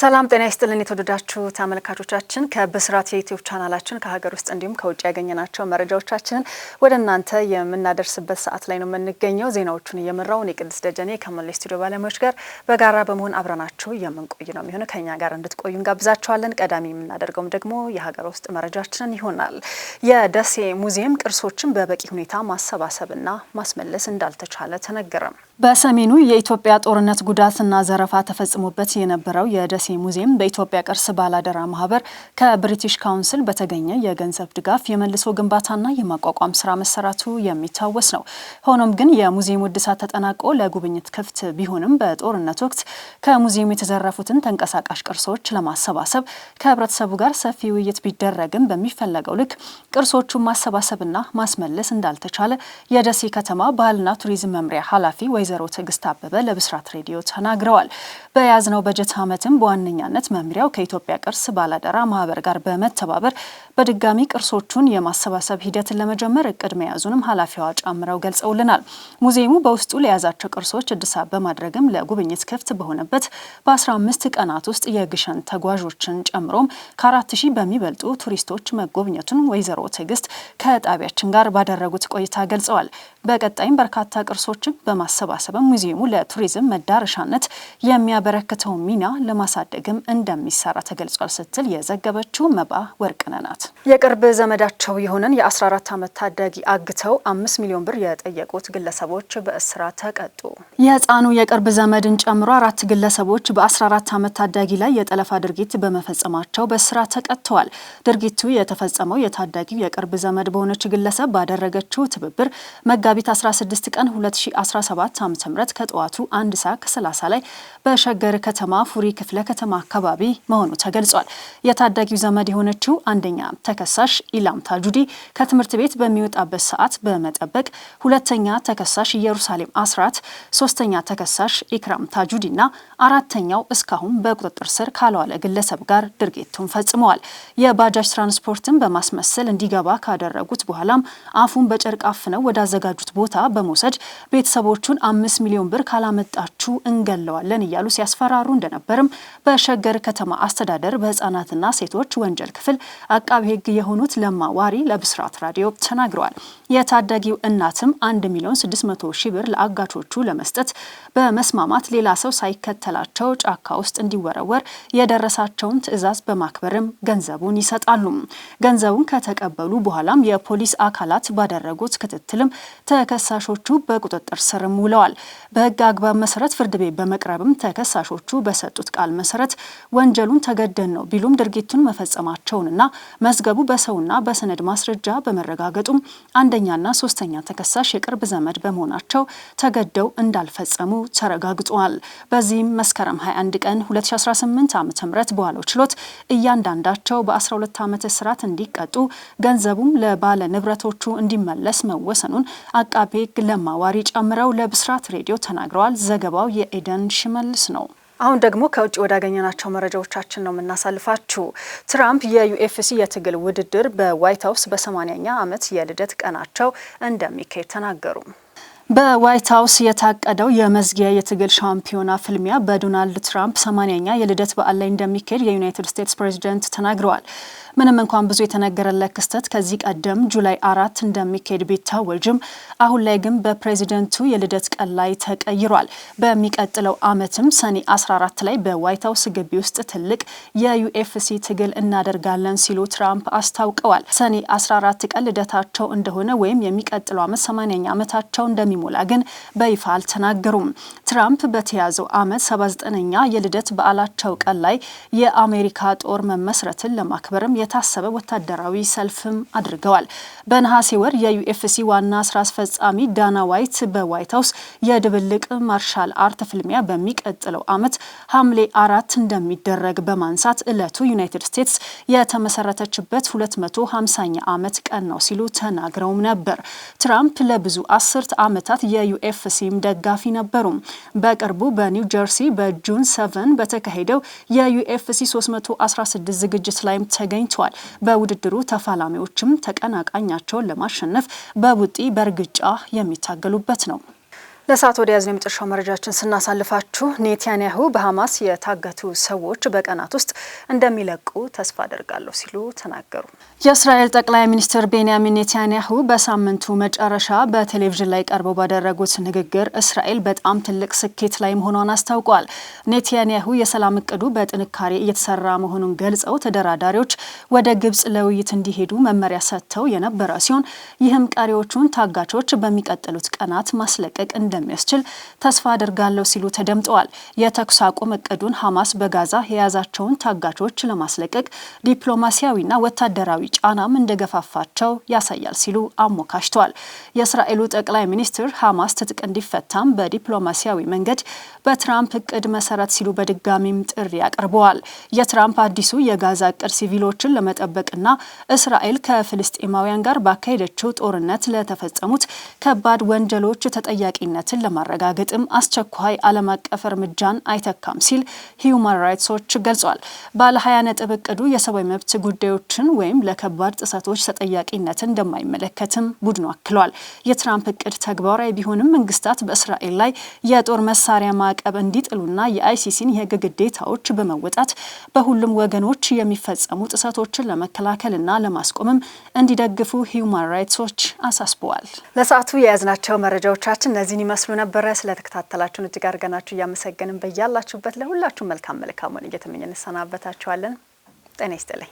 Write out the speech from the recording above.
ሰላም ጤና ይስጥልን የተወደዳችሁ ተመልካቾቻችን፣ ከብስራት የዩትዩብ ቻናላችን ከሀገር ውስጥ እንዲሁም ከውጭ ያገኘናቸው መረጃዎቻችንን ወደ እናንተ የምናደርስበት ሰዓት ላይ ነው የምንገኘው። ዜናዎቹን እየመራው እኔ ቅድስት ደጀኔ ከመላ ስቱዲዮ ባለሙያዎች ጋር በጋራ በመሆን አብረናችሁ የምንቆይ ነው የሚሆነ ከኛ ጋር እንድትቆዩ እንጋብዛችኋለን። ቀዳሚ የምናደርገውም ደግሞ የሀገር ውስጥ መረጃችንን ይሆናል። የደሴ ሙዚየም ቅርሶችን በበቂ ሁኔታ ማሰባሰብና ማስመለስ እንዳልተቻለ ተነገረም። በሰሜኑ የኢትዮጵያ ጦርነት ጉዳትና ዘረፋ ተፈጽሞበት የነበረው የደሴ ህዳሴ ሙዚየም በኢትዮጵያ ቅርስ ባላደራ ማህበር ከብሪቲሽ ካውንስል በተገኘ የገንዘብ ድጋፍ የመልሶ ግንባታና የማቋቋም ስራ መሰራቱ የሚታወስ ነው። ሆኖም ግን የሙዚየሙ እድሳት ተጠናቆ ለጉብኝት ክፍት ቢሆንም በጦርነት ወቅት ከሙዚየሙ የተዘረፉትን ተንቀሳቃሽ ቅርሶች ለማሰባሰብ ከህብረተሰቡ ጋር ሰፊ ውይይት ቢደረግም በሚፈለገው ልክ ቅርሶቹን ማሰባሰብና ማስመለስ እንዳልተቻለ የደሴ ከተማ ባህልና ቱሪዝም መምሪያ ኃላፊ ወይዘሮ ትዕግስት አበበ ለብስራት ሬዲዮ ተናግረዋል። በያዝነው በጀት ዓመትም በዋ ዋነኛነት መምሪያው ከኢትዮጵያ ቅርስ ባላደራ ማህበር ጋር በመተባበር በድጋሚ ቅርሶቹን የማሰባሰብ ሂደትን ለመጀመር እቅድ መያዙንም ኃላፊዋ ጨምረው ገልጸውልናል። ሙዚየሙ በውስጡ ለያዛቸው ቅርሶች እድሳት በማድረግም ለጉብኝት ክፍት በሆነበት በ15 ቀናት ውስጥ የግሸን ተጓዦችን ጨምሮም ከአራት ሺህ በሚበልጡ ቱሪስቶች መጎብኘቱን ወይዘሮ ትዕግስት ከጣቢያችን ጋር ባደረጉት ቆይታ ገልጸዋል። በቀጣይም በርካታ ቅርሶችን በማሰባሰብ ሙዚየሙ ለቱሪዝም መዳረሻነት የሚያበረክተው ሚና ለማሳደግም እንደሚሰራ ተገልጿል ስትል የዘገበችው መባ ወርቅነህ ናት። የቅርብ ዘመዳቸው የሆነን የ14 ዓመት ታዳጊ አግተው አምስት ሚሊዮን ብር የጠየቁት ግለሰቦች በእስራት ተቀጡ። የህፃኑ የቅርብ ዘመድን ጨምሮ አራት ግለሰቦች በ14 ዓመት ታዳጊ ላይ የጠለፋ ድርጊት በመፈጸማቸው በእስራት ተቀጥተዋል። ድርጊቱ የተፈጸመው የታዳጊው የቅርብ ዘመድ በሆነች ግለሰብ ባደረገችው ትብብር መጋ መጋቢት 16 ቀን 2017 ዓ.ም ከጠዋቱ አንድ ሰዓት ከ30 ላይ በሸገር ከተማ ፉሪ ክፍለ ከተማ አካባቢ መሆኑ ተገልጿል። የታዳጊው ዘመድ የሆነችው አንደኛ ተከሳሽ ኢላም ታጁዲ ከትምህርት ቤት በሚወጣበት ሰዓት በመጠበቅ ሁለተኛ ተከሳሽ ኢየሩሳሌም አስራት፣ ሶስተኛ ተከሳሽ ኢክራም ታጁዲ እና አራተኛው እስካሁን በቁጥጥር ስር ካለዋለ ግለሰብ ጋር ድርጊቱን ፈጽመዋል። የባጃጅ ትራንስፖርትን በማስመሰል እንዲገባ ካደረጉት በኋላም አፉን በጨርቅ አፍነው ወዳዘጋጁት ቦታ በመውሰድ ቤተሰቦቹን አምስት ሚሊዮን ብር ካላመጣችሁ እንገለዋለን እያሉ ሲያስፈራሩ እንደነበርም በሸገር ከተማ አስተዳደር በህፃናትና ሴቶች ወንጀል ክፍል አቃቢ ህግ የሆኑት ለማ ዋሪ ለብስራት ራዲዮ ተናግረዋል። የታዳጊው እናትም አንድ ሚሊዮን ስድስት መቶ ሺህ ብር ለአጋቾቹ ለመስጠት በመስማማት ሌላ ሰው ሳይከተል ማዕከላቸው ጫካ ውስጥ እንዲወረወር የደረሳቸውን ትዕዛዝ በማክበርም ገንዘቡን ይሰጣሉ። ገንዘቡን ከተቀበሉ በኋላም የፖሊስ አካላት ባደረጉት ክትትልም ተከሳሾቹ በቁጥጥር ስርም ውለዋል። በህግ አግባብ መሰረት ፍርድ ቤት በመቅረብም ተከሳሾቹ በሰጡት ቃል መሰረት ወንጀሉን ተገደን ነው ቢሉም ድርጊቱን መፈጸማቸውንና መዝገቡ በሰውና በሰነድ ማስረጃ በመረጋገጡም አንደኛና ሶስተኛ ተከሳሽ የቅርብ ዘመድ በመሆናቸው ተገደው እንዳልፈጸሙ ተረጋግጧል። በዚህም መስከረም 21 ቀን 2018 ዓ ም በዋለው ችሎት እያንዳንዳቸው በ12 ዓመት እስራት እንዲቀጡ ገንዘቡም ለባለ ንብረቶቹ እንዲመለስ መወሰኑን አቃቤ ሕግ ጨምረው ለብስራት ሬዲዮ ተናግረዋል። ዘገባው የኤደን ሽመልስ ነው። አሁን ደግሞ ከውጭ ወዳገኘናቸው መረጃዎቻችን ነው የምናሳልፋችሁ። ትራምፕ የዩኤፍሲ የትግል ውድድር በዋይት ሀውስ በ80ኛ ዓመት የልደት ቀናቸው እንደሚካሄድ ተናገሩ። በዋይት ሀውስ የታቀደው የመዝጊያ የትግል ሻምፒዮና ፍልሚያ በዶናልድ ትራምፕ ሰማንያኛ የልደት በዓል ላይ እንደሚካሄድ የዩናይትድ ስቴትስ ፕሬዚደንት ተናግረዋል። ምንም እንኳን ብዙ የተነገረለት ክስተት ከዚህ ቀደም ጁላይ አራት እንደሚካሄድ ቢታወጅም አሁን ላይ ግን በፕሬዚደንቱ የልደት ቀን ላይ ተቀይሯል። በሚቀጥለው ዓመትም ሰኔ 14 ላይ በዋይት ሀውስ ግቢ ውስጥ ትልቅ የዩኤፍሲ ትግል እናደርጋለን ሲሉ ትራምፕ አስታውቀዋል። ሰኔ 14 ቀን ልደታቸው እንደሆነ ወይም የሚቀጥለው ዓመት ሰማንያኛ ዓመታቸው እንደሚ ሲሞላ ግን በይፋ አልተናገሩም። ትራምፕ በተያዘው ዓመት 79ኛ የልደት በዓላቸው ቀን ላይ የአሜሪካ ጦር መመስረትን ለማክበርም የታሰበ ወታደራዊ ሰልፍም አድርገዋል። በነሐሴ ወር የዩኤፍሲ ዋና ስራ አስፈጻሚ ዳና ዋይት በዋይት ሀውስ የድብልቅ ማርሻል አርት ፍልሚያ በሚቀጥለው ዓመት ሐምሌ አራት እንደሚደረግ በማንሳት ዕለቱ ዩናይትድ ስቴትስ የተመሰረተችበት 250ኛ ዓመት ቀን ነው ሲሉ ተናግረውም ነበር። ትራምፕ ለብዙ አስርት ዓመታት ዓመታት የዩኤፍሲም ደጋፊ ነበሩ። በቅርቡ በኒው ጀርሲ በጁን ሰቨን በተካሄደው የዩኤፍሲ 316 ዝግጅት ላይም ተገኝተዋል። በውድድሩ ተፋላሚዎችም ተቀናቃኛቸውን ለማሸነፍ በቡጢ በእርግጫ የሚታገሉበት ነው። ለሰዓት ወደ ያዝነው የመጨረሻው መረጃችን ስናሳልፋችሁ ኔታንያሁ በሐማስ የታገቱ ሰዎች በቀናት ውስጥ እንደሚለቁ ተስፋ አደርጋለሁ ሲሉ ተናገሩ። የእስራኤል ጠቅላይ ሚኒስትር ቤንያሚን ኔታንያሁ በሳምንቱ መጨረሻ በቴሌቪዥን ላይ ቀርበው ባደረጉት ንግግር እስራኤል በጣም ትልቅ ስኬት ላይ መሆኗን አስታውቋል። ኔታንያሁ የሰላም እቅዱ በጥንካሬ እየተሰራ መሆኑን ገልጸው ተደራዳሪዎች ወደ ግብጽ ለውይይት እንዲሄዱ መመሪያ ሰጥተው የነበረ ሲሆን ይህም ቀሪዎቹን ታጋቾች በሚቀጥሉት ቀናት ማስለቀቅ እንደ እንደሚያስችል ተስፋ አድርጋለሁ ሲሉ ተደምጠዋል። የተኩስ አቁም እቅዱን ሐማስ በጋዛ የያዛቸውን ታጋቾች ለማስለቀቅ ዲፕሎማሲያዊና ወታደራዊ ጫናም እንደገፋፋቸው ያሳያል ሲሉ አሞካሽተዋል። የእስራኤሉ ጠቅላይ ሚኒስትር ሐማስ ትጥቅ እንዲፈታም በዲፕሎማሲያዊ መንገድ በትራምፕ እቅድ መሰረት ሲሉ በድጋሚም ጥሪ አቅርበዋል። የትራምፕ አዲሱ የጋዛ እቅድ ሲቪሎችን ለመጠበቅና እስራኤል ከፍልስጤማውያን ጋር ባካሄደችው ጦርነት ለተፈጸሙት ከባድ ወንጀሎች ተጠያቂነት ተጠያቂነትን ለማረጋገጥም አስቸኳይ ዓለም አቀፍ እርምጃን አይተካም ሲል ሂዩማን ራይትስ ዎች ገልጿል። ባለ ሀያ ነጥብ እቅዱ የሰብአዊ መብት ጉዳዮችን ወይም ለከባድ ጥሰቶች ተጠያቂነትን እንደማይመለከትም ቡድኑ አክሏል። የትራምፕ እቅድ ተግባራዊ ቢሆንም መንግስታት በእስራኤል ላይ የጦር መሳሪያ ማዕቀብ እንዲጥሉና የአይሲሲን የህግ ግዴታዎች በመወጣት በሁሉም ወገኖች የሚፈጸሙ ጥሰቶችን ለመከላከልና ለማስቆምም እንዲደግፉ ሂዩማን ራይትስ ዎች አሳስበዋል። ለሰዓቱ የያዝናቸው መረጃዎቻችን እነዚህን ይመስሉ ነበረ። ስለተከታተላችሁን እጅግ አድርገናችሁ እያመሰገንን በያላችሁበት ለሁላችሁ መልካም መልካሙን እየተመኘን እንሰናበታችኋለን። ጤና ይስጥልኝ።